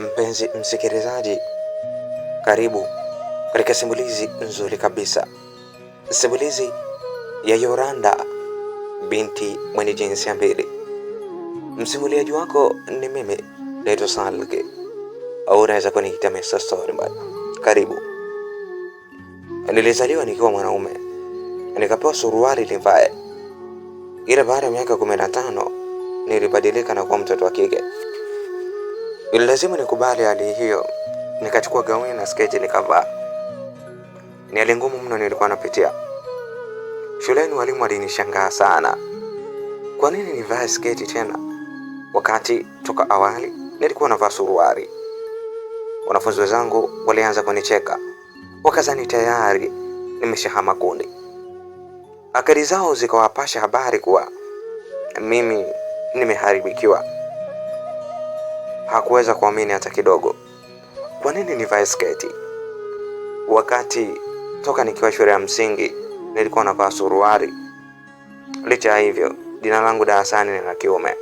Mpenzi msikilizaji, karibu katika simulizi nzuri kabisa, simulizi ya Yoranda binti mwenye jinsia mbili. Msimuliaji wako ni mimi naitwa Salge, au unaweza kuniita Mr Storyman. Karibu. Nilizaliwa nikiwa mwanaume, nikapewa suruali nivae, ila baada ya miaka kumi na tano nilibadilika na kuwa mtoto wa kike. Lazima nikubali hali hiyo, nikachukua gauni na sketi nikavaa. Ni hali ngumu mno nilikuwa napitia shuleni. Walimu walinishangaa sana, kwa nini nivae sketi tena wakati toka awali nilikuwa navaa suruali. Wanafunzi wenzangu walianza kunicheka, wakazani tayari nimeshahama kundi. Akili zao zikawapasha habari kuwa mimi nimeharibikiwa. Hakuweza kuamini hata kidogo. Kwa nini nivae sketi? Wakati toka nikiwa shule ya msingi nilikuwa navaa suruali. Licha ya hivyo, jina langu darasani ni la kiume.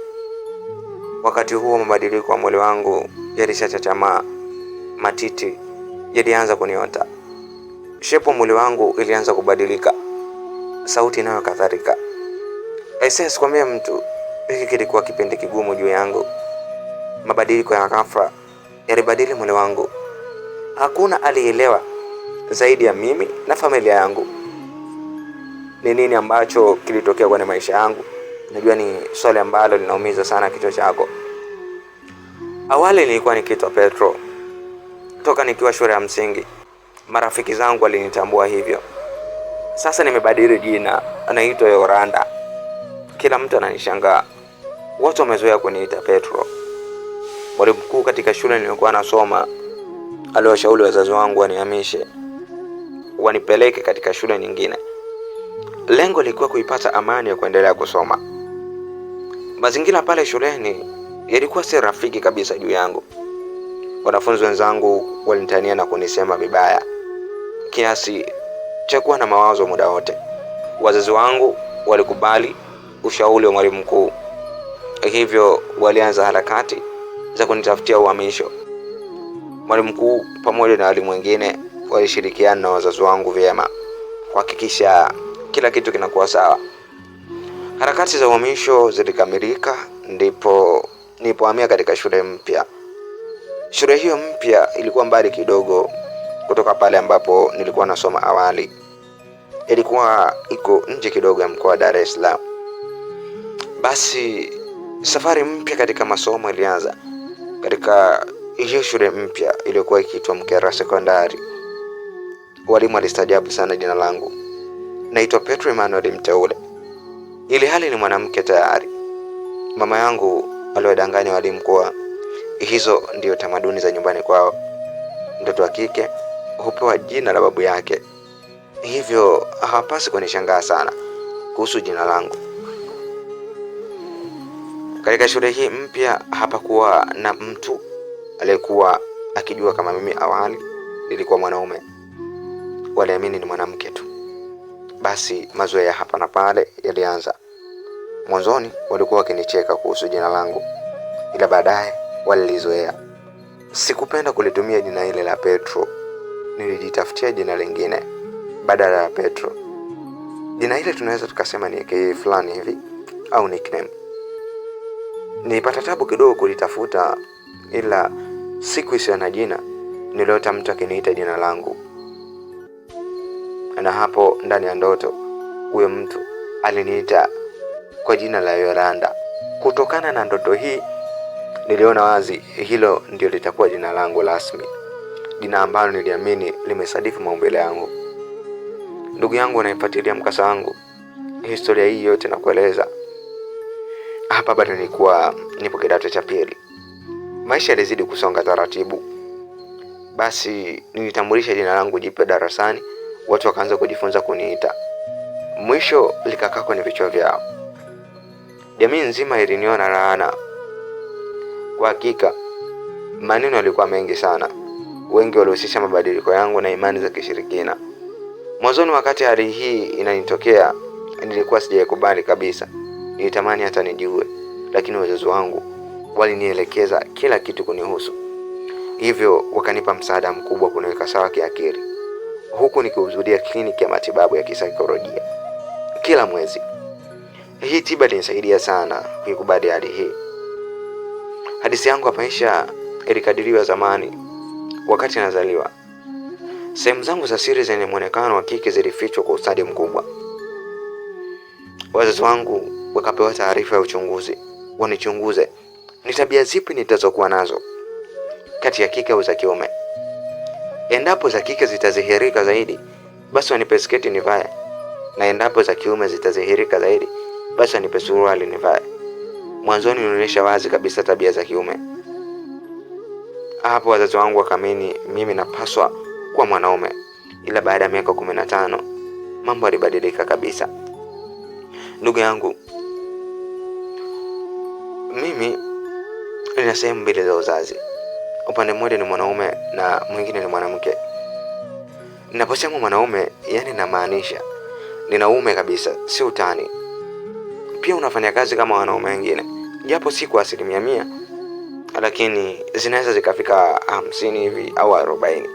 Wakati huo mabadiliko ya mwili wangu yalishachachamaa, matiti yalianza kuniota, shepo mwili wangu ilianza kubadilika, sauti nayo kadhalika. Aisee, sikwambie mtu, hiki kilikuwa kipindi kigumu juu yangu mabadiliko ya ghafla yalibadili mwili wangu. Hakuna alielewa zaidi ya mimi na familia yangu ni nini ambacho kilitokea kwenye maisha yangu. Najua ni swali ambalo linaumiza sana kichwa chako. Awali nilikuwa nikiitwa Petro toka nikiwa shule ya msingi, marafiki zangu walinitambua hivyo. Sasa nimebadili jina, anaitwa Yoranda. Kila mtu ananishangaa, watu wamezoea kuniita Petro. Mwalimu mkuu katika shule niliyokuwa nasoma aliwashauri wazazi wangu wanihamishe, wanipeleke katika shule nyingine. Lengo lilikuwa kuipata amani ya kuendelea kusoma. Mazingira pale shuleni yalikuwa si rafiki kabisa juu yangu. Wanafunzi wenzangu walinitania na kunisema vibaya kiasi cha kuwa na mawazo muda wote. Wazazi wangu walikubali ushauri wa mwalimu mkuu, hivyo walianza harakati za kunitafutia uhamisho. Mwalimu mkuu pamoja na walimu wengine walishirikiana na wazazi wangu vyema kuhakikisha kila kitu kinakuwa sawa. Harakati za uhamisho zilikamilika, ndipo nilipohamia katika shule mpya. Shule hiyo mpya ilikuwa mbali kidogo kutoka pale ambapo nilikuwa nasoma awali. Ilikuwa iko nje kidogo ya mkoa wa Dar es Salaam. Basi safari mpya katika masomo ilianza. Katika hiyo shule mpya iliyokuwa ikiitwa Mkera Sekondari, walimu walistajabu sana jina langu. Naitwa Petro Emmanuel Mteule, ili hali ni mwanamke tayari. Mama yangu aliwadanganya walimu kuwa hizo ndiyo tamaduni za nyumbani kwao, mtoto wa kike hupewa jina la babu yake, hivyo hawapasi kunishangaa sana kuhusu jina langu. Katika shule hii mpya hapakuwa na mtu aliyekuwa akijua kama mimi awali nilikuwa mwanaume, waliamini ni mwanamke tu. Basi mazoea hapa na pale yalianza. Mwanzoni walikuwa wakinicheka kuhusu jina langu, ila baadaye walilizoea. Sikupenda kulitumia jina ile la Petro, nilijitafutia jina lingine badala ya Petro. Jina ile tunaweza tukasema ni fulani hivi au nickname. Nilipata tabu kidogo kulitafuta, ila siku isiyo na jina niliota mtu akiniita jina langu, na hapo ndani ya ndoto huyo mtu aliniita kwa jina la Yoranda. Kutokana na ndoto hii, niliona wazi hilo ndio litakuwa jina langu rasmi, jina ambalo niliamini limesadifu maumbile yangu. Ndugu yangu unayefuatilia mkasa wangu, historia hii yote nakueleza hapa bado nilikuwa nipo kidato cha pili. Maisha yalizidi kusonga taratibu. Basi nilitambulisha jina langu jipya darasani, watu wakaanza kujifunza kuniita, mwisho likakaa kwenye vichwa vyao. Jamii nzima iliniona laana. Kwa hakika maneno yalikuwa mengi sana, wengi walihusisha mabadiliko yangu na imani za kishirikina. Mwanzoni, wakati hali hii inanitokea, nilikuwa sijaikubali kabisa, Nilitamani hata nijue, lakini wazazi wangu walinielekeza kila kitu kunihusu, hivyo wakanipa msaada mkubwa kuniweka sawa kiakili, huku nikihudhuria kliniki ya matibabu ya kisaikolojia kila mwezi. Hii tiba ilinisaidia sana kuikubali hali hii. Hadithi yangu ya maisha ilikadiriwa zamani, wakati nazaliwa. Sehemu zangu za siri zenye mwonekano wa kike zilifichwa kwa ustadi mkubwa. Wazazi wangu wakapewa taarifa ya uchunguzi, wanichunguze ni tabia zipi nitazokuwa nazo kati ya kike au za kiume. Endapo za kike zitadhihirika zaidi, basi wanipe sketi nivae, na endapo za kiume zitadhihirika zaidi, basi wanipe suruali nivae. Mwanzoni nionyesha wazi kabisa tabia za kiume. Hapo wazazi wangu wakamini mimi napaswa kuwa mwanaume, ila baada ya miaka kumi na tano mambo yalibadilika kabisa. Ndugu yangu, mimi nina sehemu mbili za uzazi, upande mmoja ni mwanaume na mwingine ni mwanamke. Ninaposema mwanaume, yani namaanisha ninaume kabisa, si utani. Pia unafanya kazi kama wanaume wengine, japo si kwa asilimia mia, lakini zinaweza zikafika hamsini hivi au arobaini.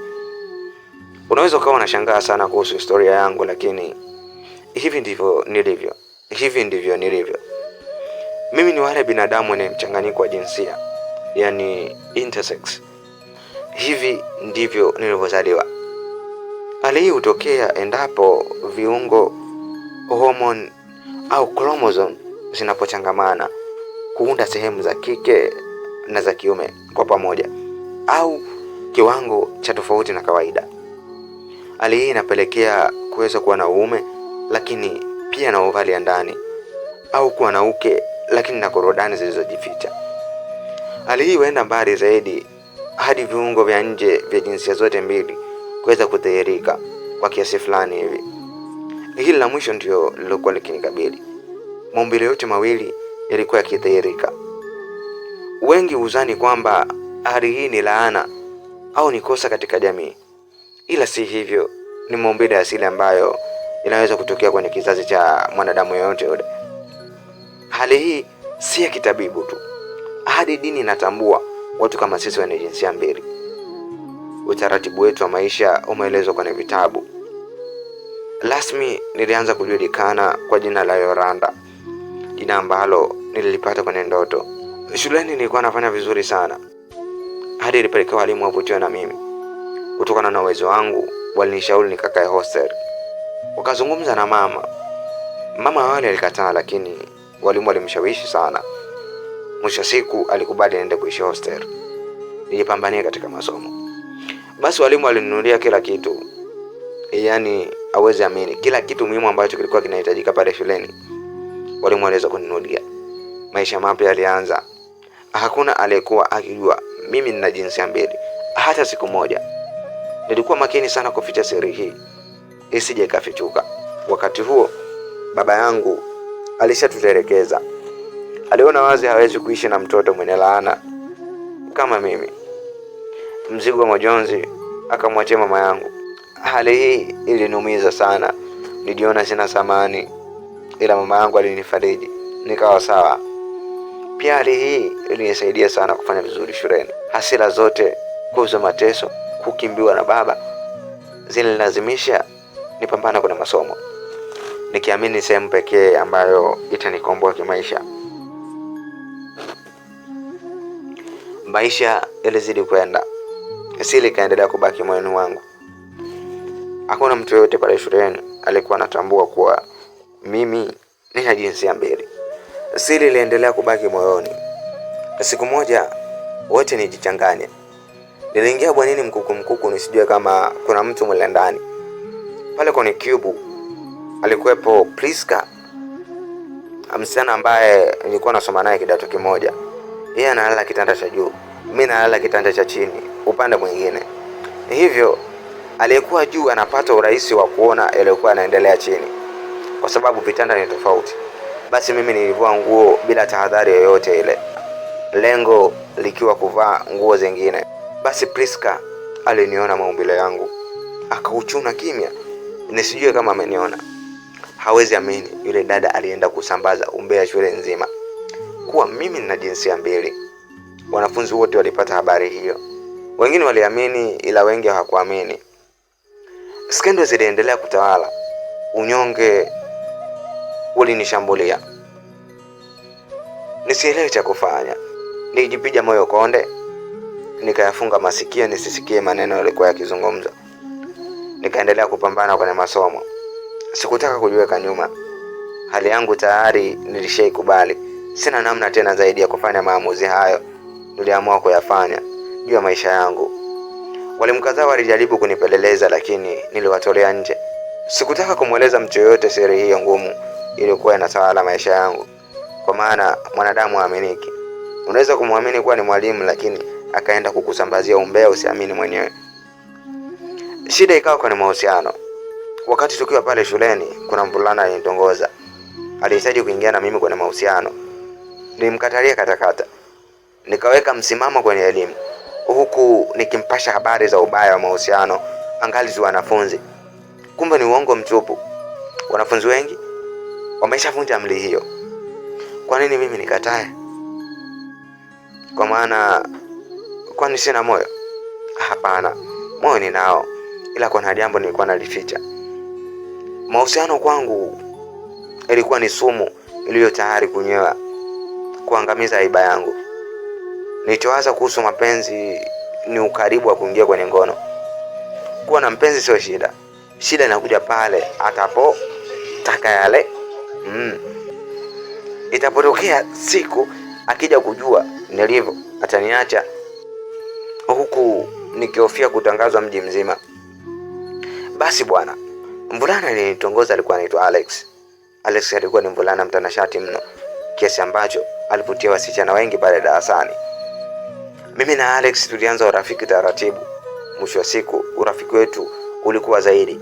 Unaweza ukawa unashangaa sana kuhusu historia yangu, lakini hivi ndivyo nilivyo, hivi ndivyo nilivyo. Mimi ni wale binadamu wenye mchanganyiko wa jinsia, yani intersex. Hivi ndivyo nilivyozaliwa. Hali hii hutokea endapo viungo, homoni au chromosome zinapochangamana kuunda sehemu za kike na za kiume kwa pamoja au kiwango cha tofauti na kawaida. Hali hii inapelekea kuweza kuwa na uume, lakini pia na uvali ya ndani au kuwa na uke lakini na korodani zilizojificha. Hali hii huenda mbali zaidi hadi viungo vya nje vya jinsia zote mbili kuweza kudhihirika kwa kiasi fulani hivi. Hili la mwisho ndio lilokuwa likinikabili. Maumbile yote mawili yalikuwa yakidhihirika. Wengi huzani kwamba hali hii ni laana au ni kosa katika jamii, ila si hivyo. Ni maumbile asili ambayo inaweza kutokea kwenye kizazi cha mwanadamu yoyote yule. Hali hii si ya kitabibu tu, hadi dini inatambua watu kama sisi wenye jinsia mbili. Utaratibu wetu wa maisha umeelezwa kwenye vitabu rasmi. Nilianza kujulikana kwa jina la Yoranda, jina ambalo nililipata kwenye ndoto. Shuleni nilikuwa nafanya vizuri sana, hadi ilipelekea walimu wavutiwe na mimi. Kutokana na uwezo wangu, walinishauri nikakae hostel. Wakazungumza na mama. Mama awali alikataa, lakini walimu walimshawishi sana. Mwisho wa siku alikubali aende kuishi hostel. Nilipambania katika masomo. Basi walimu walinunulia kila kitu, yaani aweze amini, kila kitu muhimu ambacho kilikuwa kinahitajika pale shuleni walimu waliweza kuninunulia. Maisha mapya yalianza. Hakuna aliyekuwa akijua mimi nina jinsia mbili hata siku moja. Nilikuwa makini sana kuficha siri hii isije ikafichuka. Wakati huo baba yangu alishatuterekeza Aliona wazi hawezi kuishi na mtoto mwenye laana kama mimi. Mzigo wa majonzi akamwachia mama yangu. Hali hii iliniumiza sana, nijiona sina samani ila mama yangu alinifariji nikawa sawa. Pia hali hii ilinisaidia sana kufanya vizuri shuleni. Hasira zote, kuuza mateso, kukimbiwa na baba zililazimisha nipambana kwenye masomo nikiamini sehemu pekee ambayo itanikomboa kimaisha. Maisha yalizidi kwenda, siri ikaendelea kubaki moyoni wangu. Hakuna mtu yoyote pale shuleni alikuwa anatambua kuwa mimi nina jinsia mbili. Siri iliendelea kubaki moyoni. Siku moja wote nijichanganye, niliingia bwanini mkuku mkuku, nisijue kama kuna mtu mle ndani. Pale kwenye kyubu alikuwepo Priska, msichana ambaye nilikuwa nasoma naye kidato kimoja. Yeye analala kitanda cha juu, mimi nalala kitanda cha chini, upande mwingine. Hivyo aliyekuwa juu anapata urahisi wa kuona aliyokuwa anaendelea chini, kwa sababu vitanda ni tofauti. Basi mimi nilivua nguo bila tahadhari yoyote ile, lengo likiwa kuvaa nguo zingine. Basi Priska aliniona maumbile yangu akauchuna kimya, nisijue kama ameniona. Hawezi amini, yule dada alienda kusambaza umbea shule nzima kuwa mimi nina jinsia mbili. Wanafunzi wote walipata habari hiyo, wengine waliamini, ila wengi hawakuamini. Skendo ziliendelea kutawala, unyonge ulinishambulia, nisielewe cha kufanya. Nilijipiga moyo konde, nikayafunga masikio nisisikie maneno yalikuwa yakizungumzwa. Nikaendelea kupambana kwenye masomo. Sikutaka kujiweka nyuma, hali yangu tayari nilishaikubali. Sina namna tena zaidi ya kufanya maamuzi hayo niliamua kuyafanya juu ya maisha yangu. Walimu kadhaa walijaribu kunipeleleza, lakini niliwatolea nje. Sikutaka kumweleza mtu yoyote siri hiyo ngumu iliyokuwa inatawala maisha yangu, kwa maana mwanadamu haaminiki. Unaweza kumwamini kuwa ni mwalimu, lakini akaenda kukusambazia umbea usiamini mwenyewe. Shida ikawa kwenye mahusiano. Wakati tukiwa pale shuleni, kuna mvulana alinitongoza, alihitaji kuingia na mimi kwenye mahusiano. Nilimkatalia katakata, nikaweka msimamo kwenye elimu, huku nikimpasha habari za ubaya wa mahusiano angalizi wanafunzi. Kumbe ni uongo mtupu, wanafunzi wengi wameshavunja amri hiyo. Kwa nini mimi nikatae? Kwa maana kwani sina moyo? Hapana, moyo ninao, ila kuna jambo nilikuwa nalificha. Mahusiano kwangu ilikuwa ni sumu iliyo tayari kunywewa kuangamiza haiba yangu. Nilichowaza kuhusu mapenzi ni ukaribu wa kuingia kwenye ngono. Kuwa na mpenzi sio shida, shida inakuja pale atapo taka yale mm. Itapotokea siku akija kujua nilivyo, ataniacha huku nikihofia kutangazwa mji mzima. Basi bwana, Mvulana aliyenitongoza alikuwa anaitwa Alex. Alex alikuwa ni mvulana mtanashati mno kiasi ambacho alivutia wasichana wengi pale darasani. Mimi na Alex tulianza urafiki taratibu. Mwisho wa siku urafiki wetu ulikuwa zaidi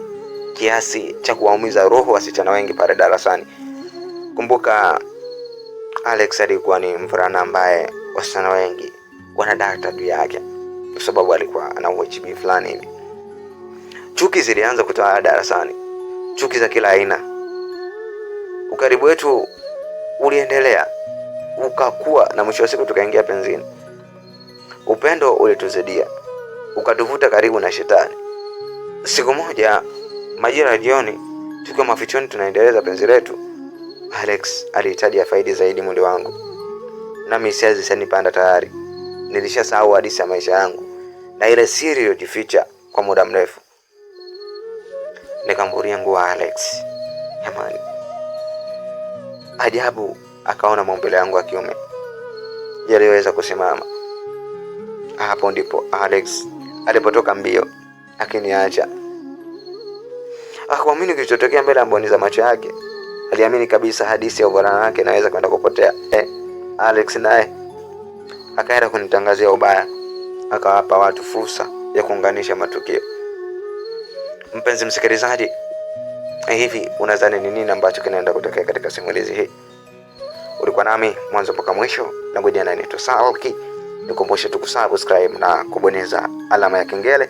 kiasi cha kuwaumiza roho wasichana wengi pale darasani. Kumbuka Alex alikuwa ni mvulana ambaye wasichana wengi wanadakta juu yake kwa sababu alikuwa ana UHB fulani hivi. Chuki zilianza kutawala darasani chuki za kila aina. Ukaribu wetu uliendelea ukakuwa, na mwisho wa siku tukaingia penzini. Upendo ulituzidia ukatuvuta karibu na shetani. Siku moja majira ya jioni, tukiwa mafichoni tunaendeleza penzi letu, Alex alihitaji afaidi zaidi mwili wangu, nami hisia zishanipanda tayari. Nilishasahau hadisi ya maisha yangu na ile siri iliyojificha kwa muda mrefu nikamvuria nguo Alex. Jamani, ajabu, akaona maumbile yangu ya kiume yaliyoweza kusimama. Hapo ndipo Alex alipotoka mbio akiniacha. Hakuamini kilichotokea mbele ya mboni za macho yake. Aliamini kabisa hadithi ya ubwana wake inaweza kwenda kupotea. Eh, Alex naye akaenda kunitangazia ubaya, akawapa watu fursa ya kuunganisha matukio. Mpenzi msikilizaji, eh, hivi unadhani ni nini ambacho kinaenda kutokea katika simulizi hii? Ulikuwa nami mwanzo mpaka mwisho na gojana, naitwa Sauki. Nikumbushe tu kusubscribe na kubonyeza alama ya kengele